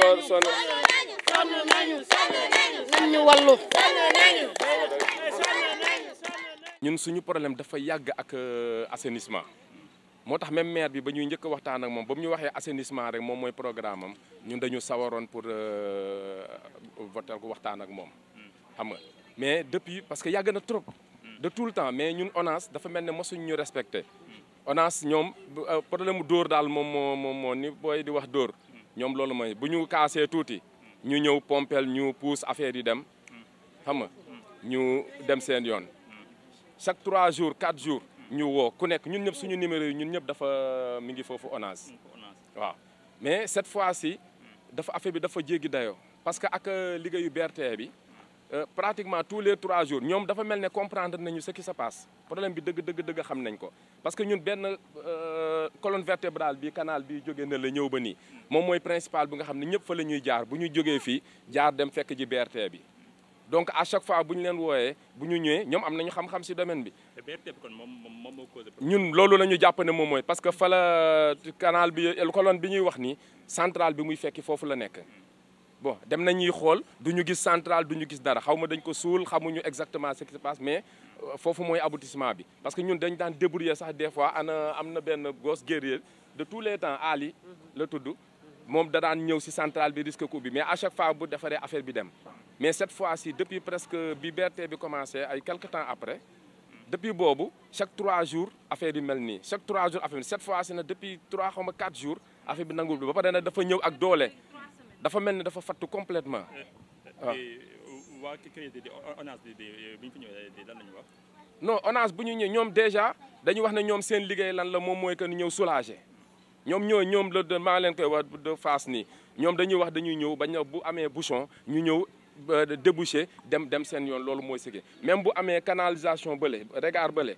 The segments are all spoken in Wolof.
son son sonn suñu problème dafa yàgg ak euh, assainissement moo tax même maire bi ba ñuy njëkk waxtaan ak moom ba mu ñu waxee assainissement rek moom mooy programme am ñun dañu sawaroon pour euh, voter ko waxtaan ak moom xam nga mais depuis parce que yàgg na trop de tout le temps mais ñun ONAS dafa mel ni mosuñ ñu respecté ONAS ñoom euh, problème mu dóor daal moom moo moom moo ni booy di wax dóor ñoom loolu mooy bu ñu kaasee tuuti ñu ñëw pompel ñu pousse affaire yi dem xam nga ñu dem seen yoon chaque trois jours quatre jours ñu woo ku nekk ñun ñëpp suñu numéro yi ñun ñëpp dafa mi ngi foofu onage waaw mais cette fois si dafa affaire bi dafa jéggi dayoo parce que ak liggéeyu BRT bi Euh, pratiquement tous les trois jours ñoom dafa mel ne comprendre nañu ce qui se passe problème bi dëgg dëgg dëgg xam nañ ko parce que ñun benn euh, colonne vertébrale bi canal bi jóge na la ñëw ba nii moom mooy principal bi nga xam ne ñëpp fa la ñuy jaar bu ñu jógee fii jaar dem fekk ji BRT bi donc à chaque fois bu ñu leen wooyee bu ñu ñëwee ñoom am nañu xam-xam ci domaine bi. ñun loolu la ñu jàpp ne moom mooy parce que fa la euh, canal bi colonne bi ñuy wax nii centrale bi muy fekki foofu la nekk. bon dem nañuy xool du ñu gis centrale du ñu gis dara xaw ma dañ ko suul xamuñu exactement ce qui se passe mais euh, foofu mooy aboutissement bi parce que ñun dañ daan débrouiller sax des fois ana am na benn gosse guerrier de tous les temps Ali la tudd moom da daan ñëw si centrale bi risque coup bi mais à chaque fois bu defaree affaire bi dem mais cette fois-ci depuis presque bi BRT bi commencé ay quelque temps après depuis boobu chaque trois jours affaire yi mel ni chaque trois jours affaire bi cette fois-ci nag depuis trois xaw ma quatre jours affaire ak doole dafa mel ni dafa fattu complètement waaw eh, eh, ah. eh, waa ONAS bi bi ñu fi ñëwee lan la ñu wax. non bu ñu ñëw ñoom déjà dañuy wax ne ñoom seen liggéey lan la moom mooy que ñëw soulager ñoom ñoo ñoom la maa leen koy wax de face nii ñoom dañuy wax dañuy ñëw bañ na bu amee bouchon ñu ñëw déboucher dem dem seen yoon loolu mooy sigee même bu amee canalisation bële regard bële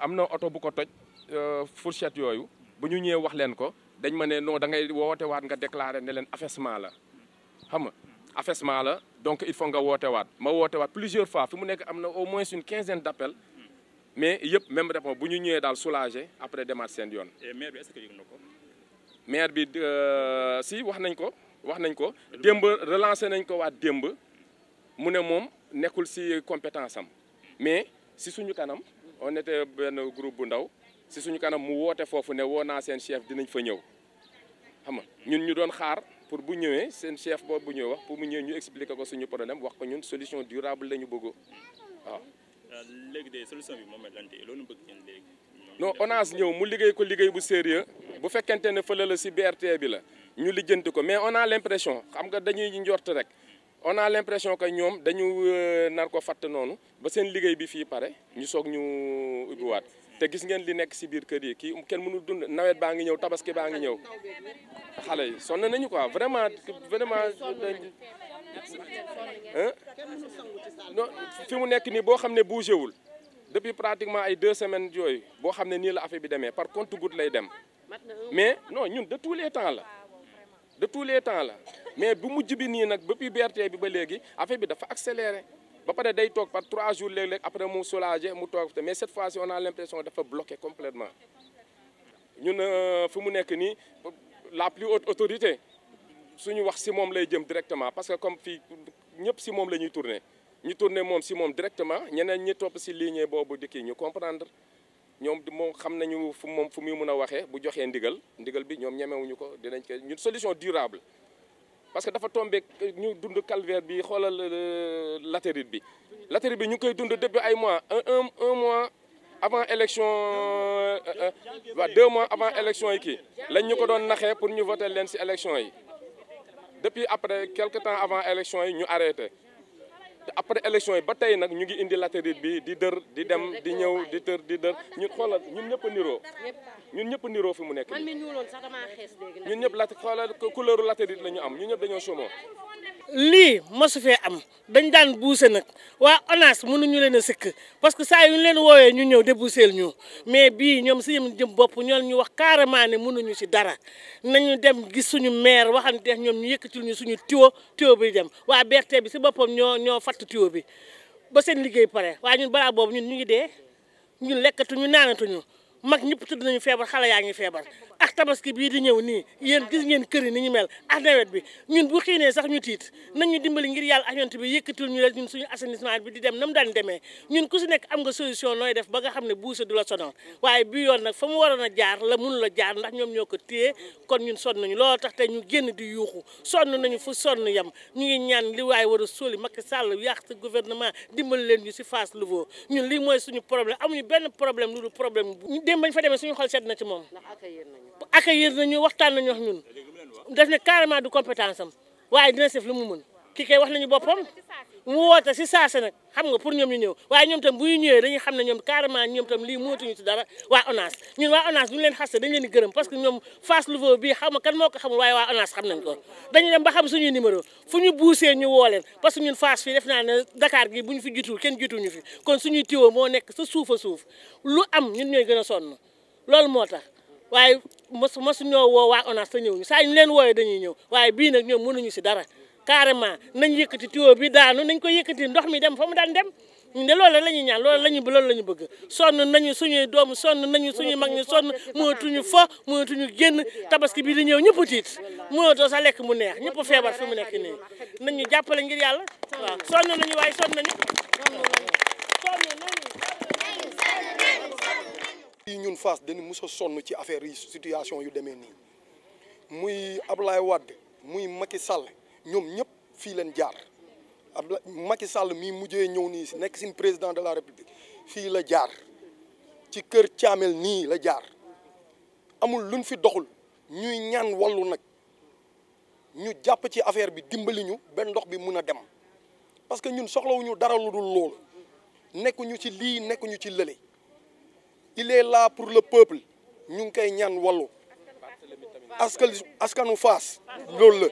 am na oto bu ko toj euh, fourchette yooyu bu ñu ñëwee wax leen ko. dañ ma ne non da ngay woote waat nga déclaré ne leen affaissement la xam nga affaissement la donc il faut nga woote waat ma woote waat plusieurs fois fu mu nekk am na au moins une quinzaine d'appels mais yëpp même réponse bu ñu ñëwee daal soulagé après demaat seen yoon. maire bi est-ce na ko. maire bi euh, si wax nañ ko wax nañ ko démb relancé nañ ko waat démb mu ne moom nekkul si compétence am mais si suñu kanam on était benn groupe bu ndaw si suñu kanam mu woote foofu ne woo naa seen chef dinañ fa ñëw. xam nga ñun ñu doon xaar pour bu ñëwee seen chef boobu bu ñëwee wax pour mu ñëwee ñu expliquer ko suñu problème wax ko ñun solution durable la ñu bëgg waaw. Euh, léegi de solution bi moom lan loolu bëgg ngeen léegi. non ONAS ñëw mu liggéey ko liggéey bu sérieux bu fekkente ne fële la si BRT bi la ñu lijjanti ko mais on a l'impression xam nga dañuy njort rek on a l'impression que ñoom dañu euh, nar ko fàtt noonu ba seen liggéey bi fii pare ñu soog ñu ubbiwaat. te gis ngeen li nekk si biir kër yi kii kenn mënul dund nawet baa ngi ñëw tabaski baa ngi ñëw xale yi sonn nañu quoi vraiment vraiment non fi mu nekk nii boo xam ne bougé wul depuis pratiquement ay deux semaines yooyu boo xam ne nii la affaire bi demee par compte-goutte lay dem mais non ñun de tous les temps la de tous les temps la mais bu mujj bi nii nag depuis BRT bi ba léegi affaire bi dafa accéléré ba pare day toog par trois jours léeg-léeg après mu soulagé mu toog mais cette fois-ci on a l'impression dafa bloqué complètement ñun euh, fi mu nekk nii la plus haute autorité suñu wax si moom lay jëm directement parce que comme fii ñëpp si moom la ñuy tourner ñu tourner moom si moom directement ñeneen ñi topp si lignée boobu di ñu comprendre ñoom moom xam nañu fu moom fu muy mun a waxee bu joxee ndigal ndigal bi ñoom ñemewuñu ko dinañ ko ñun solution durable parce que dafa tombé ñu dund calvaire bi xoolal euh, latérite bi latérite bi ñu ngi koy dund depuis ay mois un un mois avant élection euh, euh, waa deux mois avant élection yi kii lañ ñu ko doon naxee pour ñu voter leen si élection yi depuis après quelque temps avant élection yi ñu arrêté après élection yi ba tey nag ñu ngi indi latérite bi di dër di dem di ñëw di tër di dër ñun xoolal ñun ñëpp niroo ñun ñëpp niroo fi mu nekk ñun ñëpp lat xoolal couleur ñu am ñun ñëpp dañoo chômeur lii mosu fee am dañ daan buuse nag waa ONAS mënuñu leen a sëkk parce que saa yu ñu leen woowee ñu ñëw débuseel ñu mais bii ñoom si yëm jëm bopp ñoo ñu wax carrément ne mënuñu si dara nañu dem gis suñu maire waxante ñoom ñu yëkkatil ñu suñu tiwo tiwo bi dem waa BRT bi fatt bi ba seen liggéey pare waaye ñun balaa boobu ñun ñu ngi dee ñun lekkatuñu naanatuñu mag ñëpp tëdd nañu feebar xale yaa ngi feebar ak tabaski bii di ñëw nii yéen gis ngeen kër yi ni ñu mel ak nawet bi ñun bu xiinee sax ñu tiit nañu dimbali ngir yàlla ayant bi yëkkatul ñu leen suñu assainissement bi di dem na daan demee ñun ku si nekk am nga solution nooy def ba nga xam ne buuse du la sonal waaye bi yoon nag fa mu waroon a jaar la mënu la jaar ndax ñoom ñoo ko téye kon ñun sonn nañu loolu tax te ñu génn di yuuxu sonn nañu fu sonn yem ñu ngi ñaan li waaye war a sóoli Macky Sall yàq sa gouvernement dimbali leen ñu si face Louveau ñun lii mooy suñu problème amuñu benn problème lu dul problème ñu dem bañ fa demee suñu xol sedd na ci moom accueillir nañu waxtaan nañu wax ñun def ne carrément du compétence am waaye dina sef lu mu mën wax nañu boppam mu woote si saase nag xam nga pour ñoom ñu ñëw waaye ñoom tam bu ñu ñëwee dañuy xam ne ñoom carrément ñoom tam lii mootuñu si dara waa ONAS ñun waa ONAS parce que ñoom Fass Louveau bii xaw ma kan moo ko xamul waaye waa ONAS xam nañ ko fu ñu buusee ñu woo leen parce ñun Fass fii def naa ne Dakar gi bu ñu fi jutul kenn jutuñu fi kon suñuy tiwo moo nekk sa suuf a suuf lu am ñun ñooy gën a sonn loolu moo tax waaye mosu mosu ñoo woo waa ONAS te ñëw ñu saa ñu leen wooye dañuy ñëw waaye bii nag ñoom ñu si dara carrément nañ yëkkati tuyau bi daanu nañ ko ti ndox mi dem fa mu daan dem ñu ne loolu la ñuy ñaan loolu la ñu loolu la ñu bëgg sonn nañu suñu doom sonn nañu suñuy mag ñu sonn mënatuñu fo mënatuñu génn tabaski bi di ñëw ñëpp tiit mënatoo sa lekk mu neex ñëpp feebar fi mu nekk nii nañ ñu jàppale ngir yàlla waaw sonn nañu waaye sonn nañu fii ñun Fass dañu mos sonn ci affaire yi situation yu demee nii muy Ablaye Wade muy Macky Sall ñoom ñëpp fii leen jaar Abla Macky Sall mii mujjee ñëw nii si nekk sin président de la République fii la jaar ci kër Thiamel nii la jaar amul luñ fi doxul ñuy ñaan wallu nag ñu jàpp ci affaire bi dimbali ñu benn ndox bi mun a dem parce que ñun soxlawuñu dara lu dul loolu nekkuñu ci lii nekkuñu ci lële. il est là pour le peuple ñu ngi koy ñaan wallu askan askanu Fass loolu la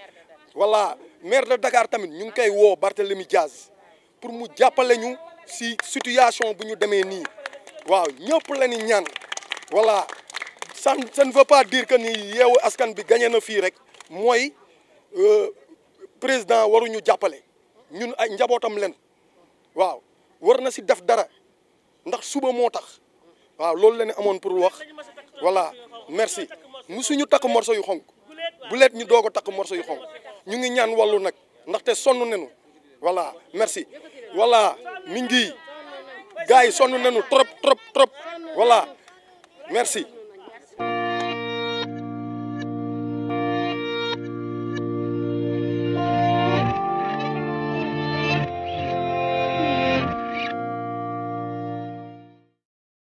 voilà maire de Dakar tamit ñu ngi koy woo Barthélemy Diaz pour mu jàppale ñu si situation bu ñu demee nii waaw ñëpp la ni ñaan voilà ça ça ne pas dire que nii yeewu askan bi gañe na fii rek mooy euh, président waruñu jàppale ñun ay njabootam leen waaw war na si def dara ndax suba moo tax waaw loolu la amoon pour wax voilà merci ñu takk morso yu xonk bu leet ñu doog a takk morso yu xonk ñu ngi ñaan wàllu nag ndaxte sonn nañu voilà merci voilà mi ngi gars yi sonn nañu trop trop trop voilà merci